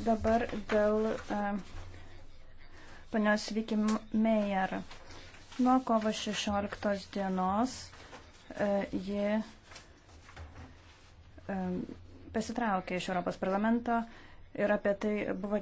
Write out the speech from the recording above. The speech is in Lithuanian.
Dabar dėl e, panios Viki Meijer. Nuo kovo 16 dienos e, ji e, pasitraukė iš Europos parlamento ir apie tai buvo